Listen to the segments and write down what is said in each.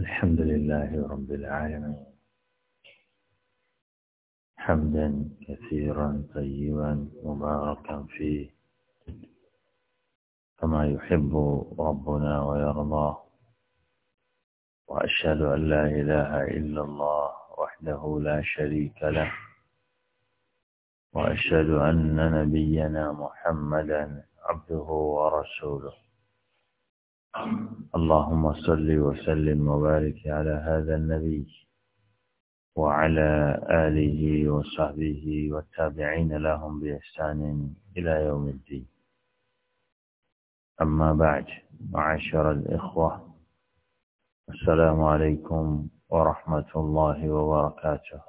الحمد لله رب العالمين حمدا كثيرا طيبا مباركا فيه كما يحب ربنا ويرضاه وأشهد أن لا إله إلا الله وحده لا شريك له وأشهد أن نبينا محمدا عبده ورسوله اللهم صل وسلم وبارك على هذا النبي وعلى آله وصحبه والتابعين لهم بإحسان إلى يوم الدين أما بعد معاشر الإخوة السلام عليكم ورحمة الله وبركاته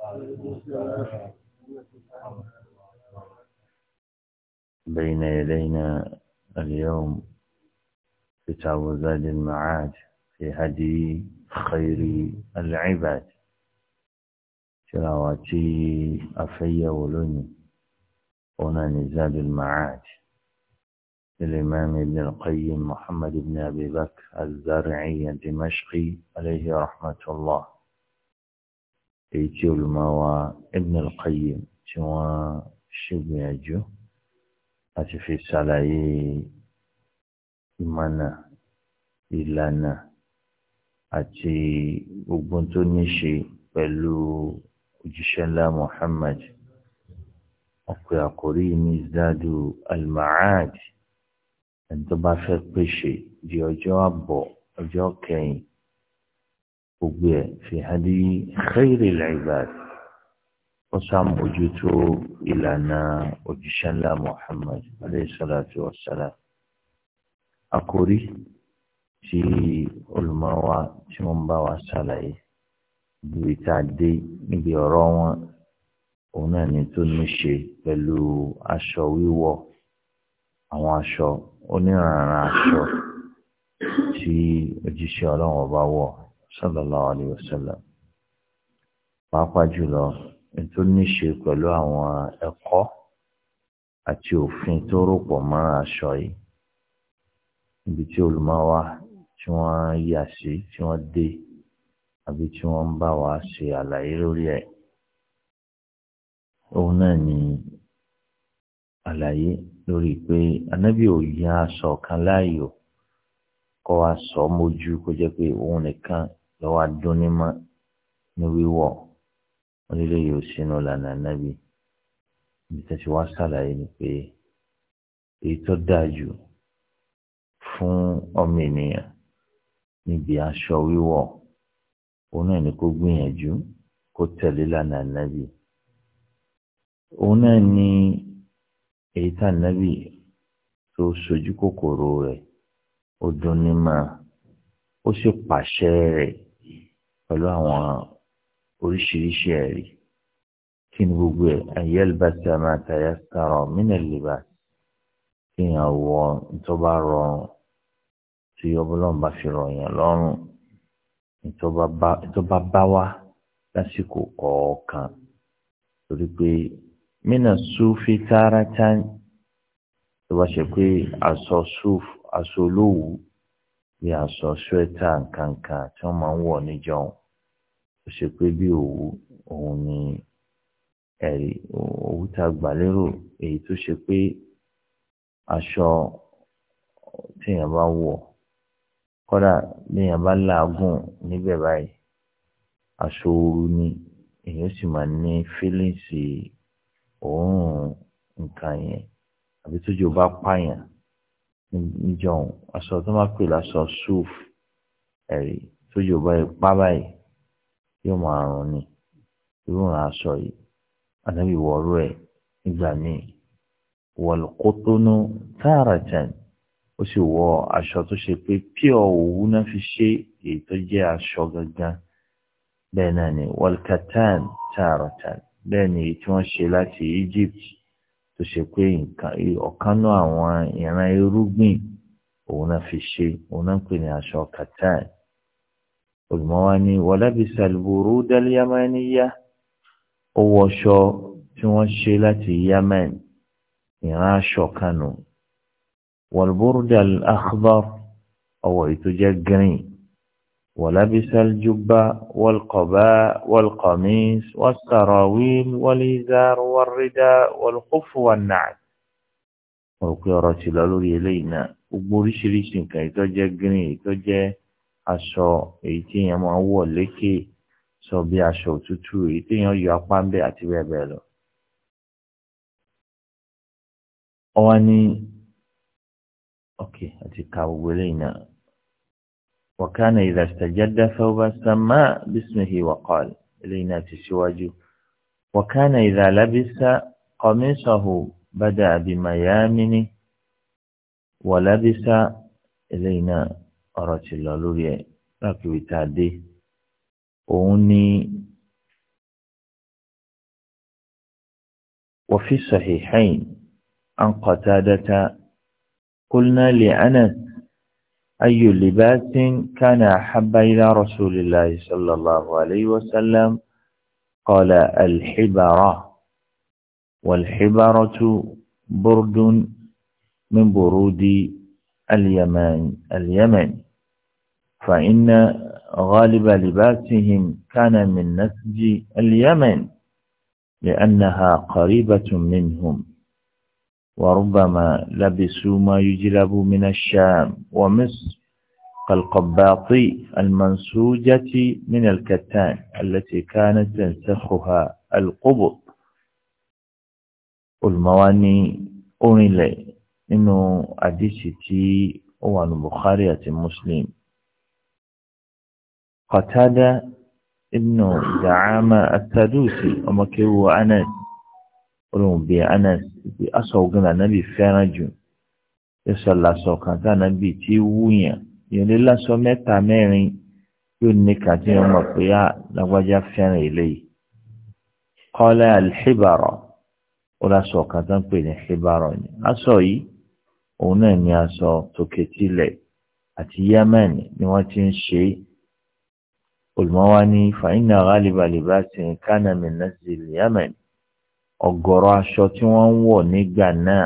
بين يدينا اليوم كتاب زاد المعاد في هدي خير العباد تلاواتي أفيا ولوني هنا زاد المعاد الإمام ابن القيم محمد بن أبي بكر الزرعي الدمشقي عليه رحمة الله إيتيو الموا ابن القيم توا شبيعجو أتفي سلايه ìmọ̀nà ìlànà àti gbogbo tó ní ṣe pẹ̀lú òjíṣẹ́ ńlá Muhammad ọ̀pẹ àkórí ní zadu almaad ẹni tó bá fẹ́ pèsè di ọjọ́ àbọ̀ ọjọ́ kẹyìn gbogbo ẹ̀ fi hadi khairil ibad ó sàmójútó ìlànà òjíṣẹ́ ńlá Muhammad aleyhi salatu wa salam àkórí tí olùmọ̀ wa tí wọ́n bá wa ṣàlàyé ibi tá a dé níbi ọ̀rọ̀ wọn òun náà ni tó ní ṣe pẹ̀lú aṣọ wíwọ̀ àwọn aṣọ oníranran aṣọ tí òjíṣẹ́ ọlọ́run ọba wọ̀ sallallahu alaihi wasallam pàápàá jùlọ tó ní ṣe pẹ̀lú àwọn ẹ̀kọ́ àti òfin tó rò pọ̀ mọ́ aṣọ yìí níbi tí olùmọ̀ wa tí wọ́n yà sí tí wọ́n dé àbí tí wọ́n bá wa ṣe àlàyé lórí ẹ̀. òun náà ni àlàyé lórí pé anábì ò yan aṣọ kan láàyò kọ́ wa sọ mójú kó jẹ́ pé òun nìkan lọ́wọ́ adúnímọ̀ ní wíwọ̀ onílé yóò sínú lànà anábì. ìtẹ̀síwá ṣàlàyé ni pé èyí tó dáa jù fún ọmọ ènìyàn níbi aṣọ wíwọ̀ òun náà ni kó gbìyànjú kó tẹ̀lé lànà òun náà ni èyí tá ànábì tó sojú kòkòrò rẹ̀ ó dún ní máa ó sì pàṣẹ rẹ̀ pẹ̀lú àwọn oríṣiríṣi ẹ̀rí kí ni gbogbo ẹ̀ ayélbàtà máa tàyà sàrọ̀ mínà lè tí ọbọlọ́run bá fi rọ̀yàn lọ́rùn ìtọ́ba bá wá lásìkò kọ̀ọ̀kan torí pé mina sufi tààràtà tó bá ṣe pé aṣọ súf aṣọ olówó bí aṣọ ṣúẹ́tà nkankan tí wọ́n máa ń wọ̀ níjọ́un tó ṣe pé bí òwú òun ni ẹ̀rí òwú tá gbà lérò èyí tó ṣe pé aṣọ téèyàn bá wọ̀ kódà lèèyàn bá làágùn níbẹ̀ báyìí aṣọ ooru ni èèyàn sì máa ní fílíǹsì òórùn nǹkan yẹn àbí tójú bá pààyàn níjọ̀hún aṣọ tó máa pè láṣọ sùf ẹ̀rí tójú bá ipá báyìí yóò máa rùn ni irú aṣọ yìí ànábì wọ̀ọ́rọ́ ẹ̀ nígbà míì wọ̀lùkótónú tààràtàn ó sì wọ aṣọ tó ṣe pé pure òwú náà fi ṣe èyí tó jẹ́ aṣọ gangan bẹ́ẹ̀ náà ni walkatan taaratan bẹ́ẹ̀ ni èyí tí wọ́n ṣe láti Egypt tó ṣe pé ọ̀kanú àwọn ìran irúgbìn òun náà fi ṣe òun náà pè ní aṣọ katan olùmọ́wá ni wàlábìsà àlùbòrò ó wọṣọ tí wọ́n ṣe láti Yemen ìran aṣọ kanu والبرد الأخضر أو يتجقرين ولبس الجبة والقباء والقميص والسراويل والإزار والرداء والخف والنعل ọ̀rọ̀ tí lọ́lórí eléyìí náà gbogbo oríṣiríṣi nǹkan èyí tó jẹ́ green èyí tó jẹ́ aṣọ èyí tí èèyàn máa ń wọ̀ lékè sọ bí aṣọ òtútù èyí tí èèyàn yọ apá ń bẹ̀ àti bẹ́ẹ̀ bẹ́ẹ̀ lọ. ọ̀wá ni أوكي أتكا ولينا وكان إذا استجد ثوبا سما باسمه وقال إلينا تشواجه وكان إذا لبس قميصه بدأ بميامنه ولبس إلينا أرات الله لوري لكي تعدي أوني وفي الصحيحين أن قتادة قلنا لأنس أي لباس كان أحب إلى رسول الله صلى الله عليه وسلم قال الحبرة والحبرة برد من برود اليمن اليمن فإن غالب لباسهم كان من نسج اليمن لأنها قريبة منهم وربما لبسوا ما يجلب من الشام ومصر كالقباطي المنسوجة من الكتان التي كانت تنسخها القبط والمواني أونيلي إنه أديسيتي هو بخارية المسلم قتادة إنه دعامة التدوسي أما كيو أنس أنس pé aṣọ ogun lànàbì fẹ́ràn jù ẹsọ làṣọ kan tànàbì tí wúyàn ìrìn lásọ mẹ́ta mẹ́rin yóò ní kan tí wọ́n mọ̀ pé á lágbájá fẹ́ràn eléyìí. kọ́lá alhibarọ̀ ó láṣọ kan tó ń pè ní hibarọ̀ ni aṣọ yìí òun náà ni aṣọ tòkè àti yemen ni wọ́n ti ń ṣe olùmọ́wá ní fàyínà ghaliba libasin kánàmì nazil yemen ọ̀gọ̀rọ̀ aṣọ tí wọ́n ń wọ̀ nígbà náà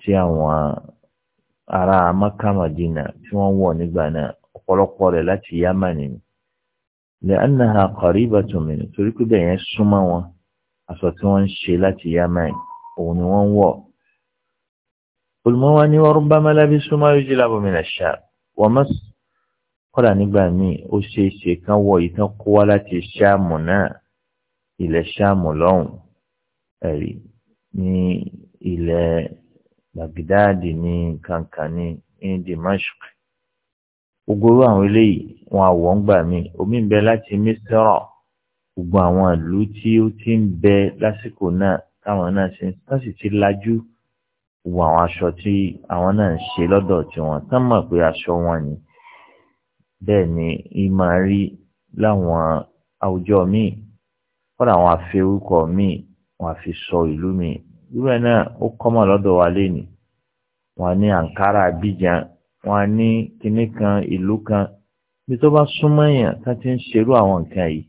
tí àwọn ará amákàmàdínà tí wọ́n ń wọ̀ nígbà náà ọ̀pọ̀lọpọ̀ rẹ̀ láti yámánì ni lẹ́ẹ̀náhà qarībatun min torí pé bẹ́ẹ̀ yẹn súnmọ́ wọn aṣọ tí wọ́n ń ṣe láti yámánì òun ni wọ́n ń wọ̀ olùmọ́wá ní wọ́n bá mẹ́lẹ́bí súnmọ́ yóò jí lábọ̀ min ash wọ́n mọ́ kọ́dà nígbà míì ó ṣeé ṣe kán wọ ìtàn kó wá láti ṣáàmù náà ilẹ̀ ṣáàmù lọ́hùn ẹ̀rí ní ilẹ̀ Baghdadi ní kankan ní ní Dimashq ogoro àwọn eléyìí wọn àwọ̀ ń gbà mí omi ń bẹ láti Mísírà gbogbo àwọn ìlú tí ó ti ń bẹ lásìkò náà táwọn náà ṣe tán sì ti lajú wo àwọn aṣọ tí àwọn náà ń ṣe lọ́dọ̀ tiwọn tán mọ̀ pé aṣọ wọn ni bẹ́ẹ̀ ni í rí láwọn àwùjọ míì kọ́dà àwọn afẹ́rúkọ míì wọ́n á fi sọ ìlú mi irú ẹ̀ náà ó kọ́mọ̀ lọ́dọ̀ wa léni wọ́n ní Ankara Abidjan wọ́n ní kinní kan ìlú kan bí tó bá súnmọ́ èèyàn tá ti ń ṣerú àwọn nǹkan yìí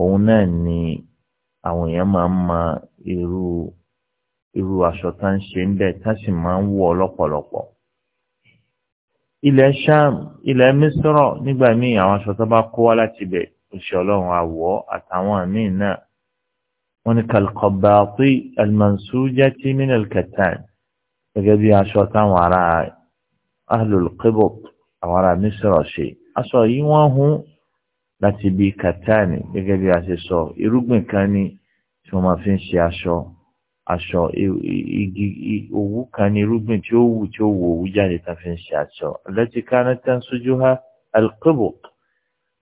òun náà ni àwọn èèyàn máa ń mọ irú irú aṣọ tá ń ṣe ń bẹ tá sì máa ń wọ̀ lọ́pọ̀lọpọ̀ ilẹ̀ sham ilẹ̀ misrọ̀ nígbà míì àwọn aṣọ tó bá kó wá láti bẹ̀ òṣèlú ọlọ́run àwọ̀ àtàwọn míì náà wọ́n ní kalkọ̀bàtì almansujati min alkatan gẹ́gẹ́ bí aṣọ táwọn ará ahlul qibot àwọn ará misra ṣe aṣọ yìí wọ́n hun láti bí katani gẹ́gẹ́ bí a ṣe sọ irúgbìn kan ní tí wọ́n máa fi ń ṣe aṣọ aṣọ igi òwú kan ní irúgbìn tí ó wù tí ó wù òwú jáde tá fi ń ṣe aṣọ allati kanat tansujuha alqibot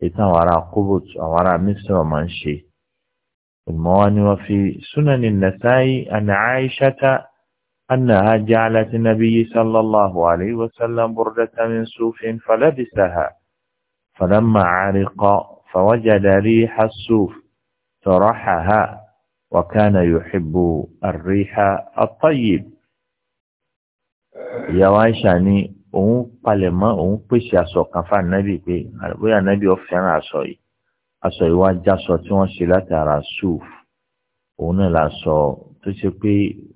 ètò àwọn ará qibot àwọn ará misra máa ń ṣe. المواني وفي سنن النسائي أن عائشة أنها جعلت النبي صلى الله عليه وسلم بردة من صوف فلبسها فلما عرق فوجد ريح الصوف طرحها وكان يحب الريح الطيب ìyàwó àìsàn ni òun palẹ̀mọ́ òun pèsè aṣọ kan fún ànábì pé bóyá ànábì aṣọ ìwájàsọ tí wọ́n ṣe látara suf òun náà la sọ tó ṣe pé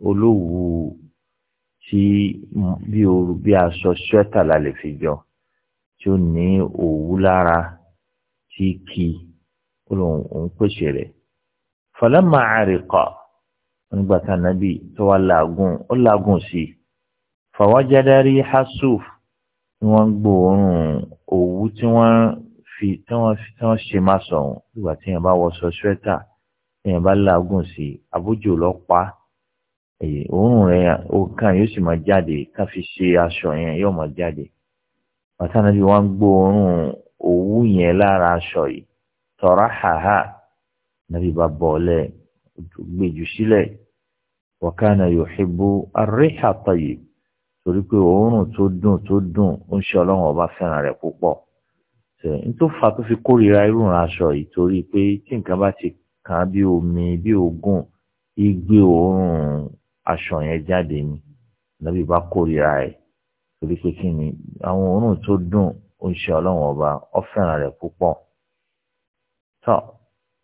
olówù tí bí ooru bí aṣọ ṣẹ́tà la lè fi jọ tí ó ní òwú lára tí kì í ó lòun òun pèsè rẹ̀ fọlẹ́mà àrìkọ nígbà tá nàbí tó wà làágùn ó làágùn sí i fọwọ́jáde hasuf ni wọ́n gbòòrùn òwú tí wọ́n fi tí wọ́n tí wọ́n ṣe máa sọ̀hún ìgbà tí èèyàn bá wọṣọ ṣẹ́tà tí èèyàn bá làágùn sí i àbójú lọ pa èyí òórùn rẹ̀ òkàn yóò sì máa jáde ká fi ṣe aṣọ yẹn yóò máa jáde bàtàna bí wọ́n ń gbọ́ òórùn òwú yẹn lára aṣọ yìí tọ̀rá hàhà nàbí bá bọ̀ọ̀lẹ̀ gbèjù sílẹ̀ wọ̀kánà yuhibbu ar-riha tayyib torí pé òórùn tó dùn tó dùn ń ṣe ọlọ́run ọba fẹ́ràn rẹ̀ púpọ̀ n tó fà tó fi kórìíra irú aṣọ yìí torí pé tí nǹkan bá ti kàn bí omi bí ogún igbe òórùn aṣọ yẹn jáde ni nàbí bá kórìíra ẹ̀ torí pé kí ni àwọn òórùn tó dùn ó ń ṣe ọlọ́run ọba ó fẹ́ràn rẹ̀ púpọ̀. tọ́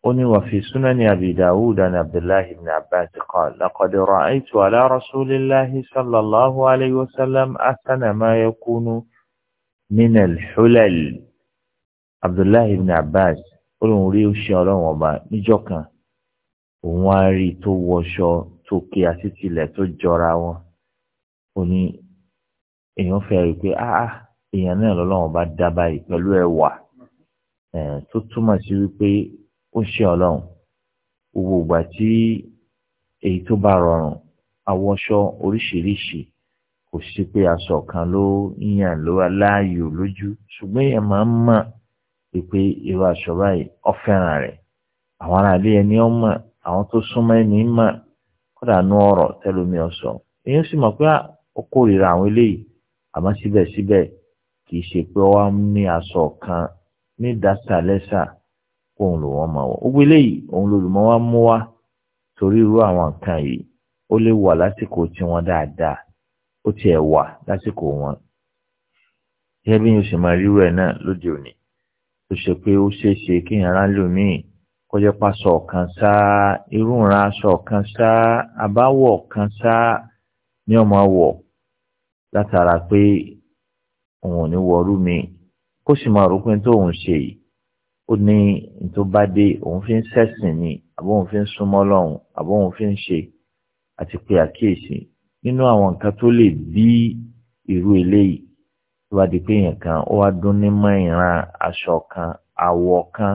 ó ní wàfi súnáni àbìdáwúdà ní abdullahi ibn abbas kan laqad ra'aytu ala rasulillahi sallallahu alayhi wa sallam asana ma yakunu abdullahi ibn abbas ó lóun rí oṣù ọlọ́run ọba níjọ́ kan òun á rí i tó wọṣọ tó ké asítilẹ̀ tó jọra wọn ó ní èèyàn fẹ́ rí i pé áá ah, ah, èèyàn náà lọ́lọ́run ọba dá báyìí pẹ̀lú ẹwà tó túmọ̀ sí wípé ó ṣe ọlọ́run gbogbo ìgbà tí èyí tó bá rọrùn awọṣọ oríṣiríṣi kò sí pé aṣọ kan ló yàn ló láàyò lójú ṣùgbọ́n èèyàn máa ń mọ̀ wípé irú aṣọ báyìí ọ̀fẹ́ràn rẹ̀ àwọn aráàlú ẹni ọmọ àwọn tó súnmọ́ ẹni mọ̀ kódà nú ọ̀rọ̀ tẹ́lómi ọ̀sọ̀ èyí sì mọ̀ pé ó kórìíra àwọn eléyìí àmọ́ síbẹ̀síbẹ̀ kì í ṣe pé wọ́n ní aṣọ kan ní dasàlẹ́sà òun ló wọ́n mọ̀ wọ́n ó eléyìí òun lolùmọ́ wa mú wa torí irú àwọn nǹkan yìí ó lè wà lásìkò tiwọn dáadáa ó tiẹ̀ wà lásìkò wọn. gẹ́gẹ́ bí yóò ṣe máa rí rẹ̀ náà lóde òní tó ṣe pé ó ṣeé ṣe kí ìyàrá lòmíì kó jẹ́ pàṣọ kan sáá irúnra aṣọ kan sáá àbáwọ̀ kan sáá ní ọmọ wọ̀ látara pé òun ò ní wọrú mi kó sì máa rúpin tó òun ṣe yìí ó ní tó bá dé òun fi ń ṣẹ̀sìn ni àbó òun fi ń súnmọ́ lọ́hùn àbó òun fi ń ṣe àti pé àkíyèsí nínú àwọn nǹkan tó lè bí irú eléyìí tó bá di pé èèyàn kan ó wá dún ní mọ́ ìran aṣọ kan àwọ̀ kan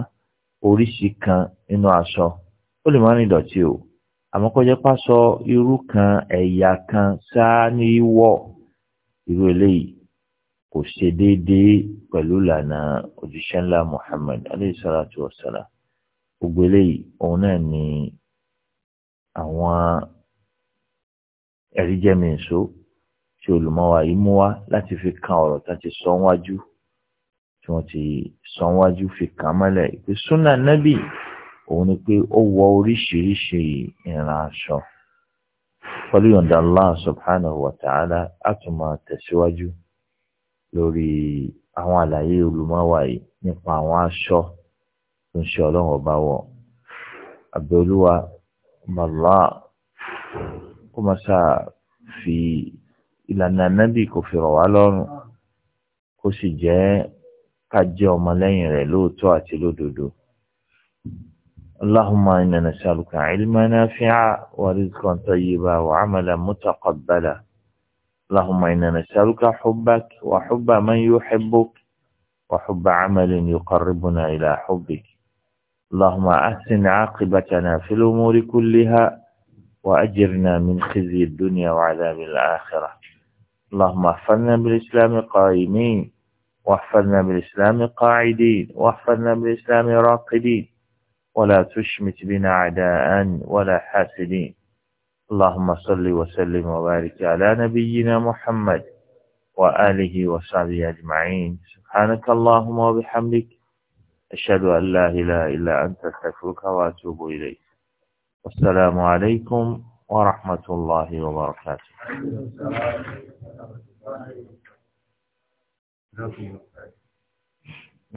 oríṣi kan nínú aṣọ ó lè má ní ìdọ̀tí o àmọ́ kó jẹ́ pásọ irú kan ẹ̀yà kan sáá ní wọ̀ irú eléyìí kò ṣe déédéé pẹ̀lú ìlànà òjíṣẹ́ ńlá Muhammad alayhi salatu wa salam gbogbo eléyìí òun náà ni àwọn ẹ̀rí jẹ́ mi tí olùmọ̀wá yìí mú fi kan ọ̀rọ̀ tá ti sọ wájú tí ti sọ fi kàn mọ́lẹ̀ ìpè súnà nábì òun ni pé ó wọ oríṣiríṣi ìran aṣọ pẹ̀lú yọ̀ǹda Allah subhanahu wa ta'ala á tún máa tẹ̀síwájú lórí àwọn àlàyé olùmọ̀wá yìí nípa àwọn aṣọ tó ń ṣe ọlọ́run ọba wọ̀ àbẹ̀olúwa mọ̀lá kó fi. ìlànà nábì kò fi rọ̀ wá lọ́rùn kó sì jẹ́ ká jẹ́ ọmọlẹ́yìn rẹ̀ lóòótọ́ àti lódodo. اللهم إنا نسألك علما نافعا ورزقا طيبا وعملا متقبلا اللهم إنا نسألك حبك وحب من يحبك وحب عمل يقربنا إلى حبك اللهم أحسن عاقبتنا في الأمور كلها وأجرنا من خزي الدنيا وعذاب الآخرة اللهم احفظنا بالإسلام قائمين واحفظنا بالإسلام قاعدين واحفظنا بالإسلام راقدين ولا تشمت بنا عداء ولا حاسدين اللهم صل وسلم وبارك على نبينا محمد وآله وصحبه أجمعين سبحانك اللهم وبحمدك أشهد أن لا إله إلا أنت استغفرك وأتوب إليك والسلام عليكم ورحمة الله وبركاته